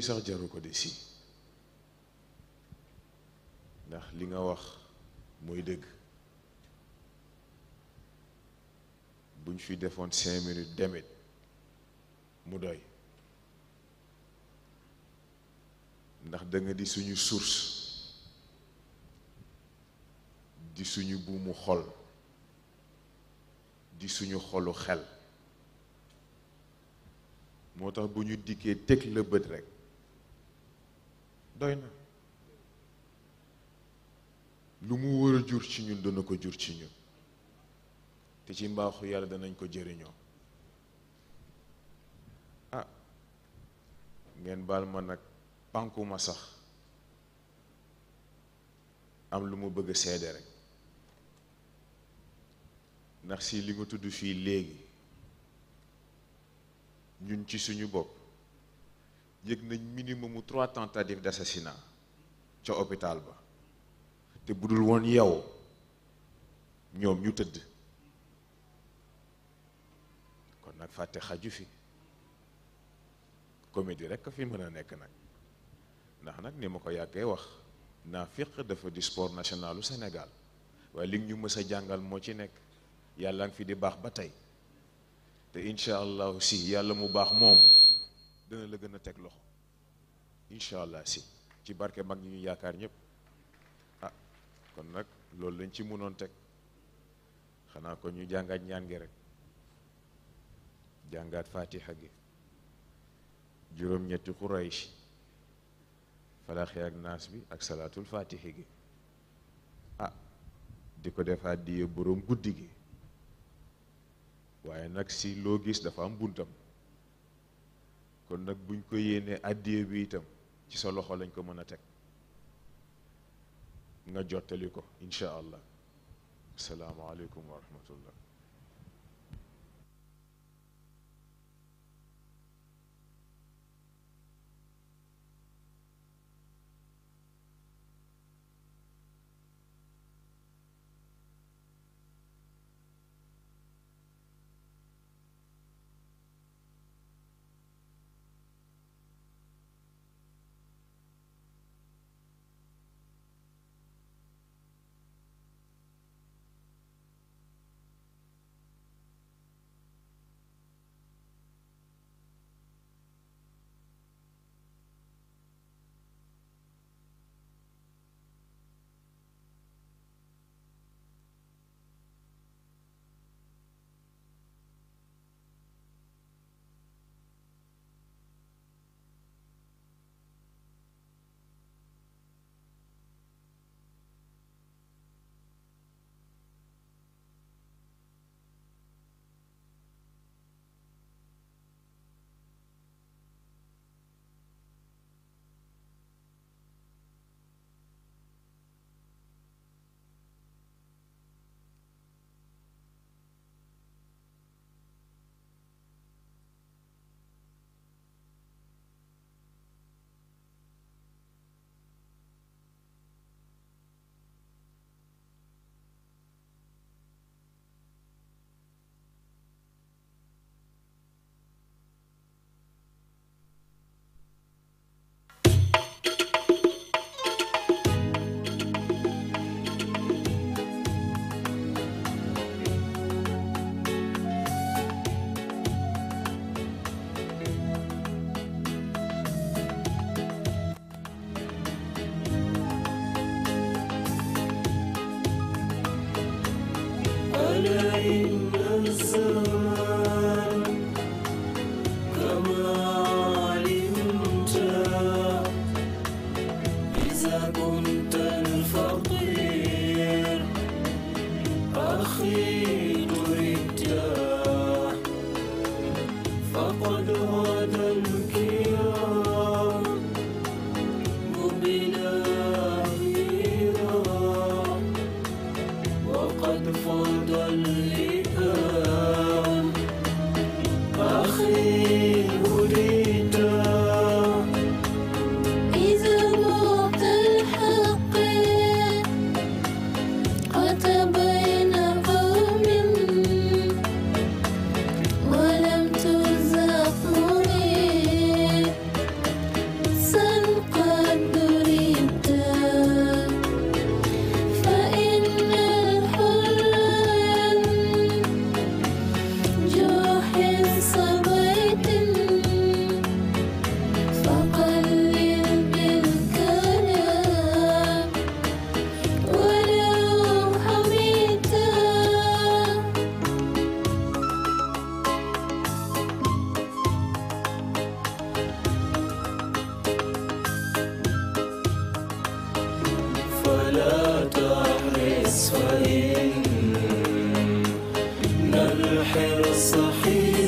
sax jaru ko de si ndax li nga wax mooy dëgg buñ fi defoon cinq minutes demit mu doy ndax da di suñu source di suñu buumu xol di suñu xolu xel moo tax bu ñu dikkee teg la bët rek doy na lu mu war jur ci ñun dana ko jur ci ñun te ci mbaaxu yàlla danañ ko jëriñoo ah ngeen baal ma nag pànkuma sax am lu mu bëgg a rekk ndax si li nga tudd fii léegi ñun ci suñu bopp yëg nañ minimum mu trois tentatives d'assassinat ca hôpital ba te bu dul woon yow ñoom ñu tëdd kon nag fàtte xaju fi comédie rek fi mën a nekk nag ndax nag ni ma ko yàggee wax naafiq dafa di sport nationalu Sénégal waaye li ñu mës a jàngal moo ci nekk yàlla ngi fi di baax ba tey te incha allahu si yàlla mu baax moom dina la gën a teg loxo incha allah si ci barke mag ñi ñu yaakaar ñëpp ah kon nag loolu lañ ci mënoon teg xanaa ko ñu jàngaat ñaan gi rek jàngaat fatiha gi juróom-ñetti xuraysh falaax ak naas bi ak salaatul fatihi gi ah di ko defaat di boroom guddi gi waaye nag si loo gis dafa am buntam kon nag buñ ko yéenee àddiya bi itam ci sa loxo lañ ko mën a teg nga jottali ko incha allah asalaamaaleykum wa rahmatullah dön ki الحرص حين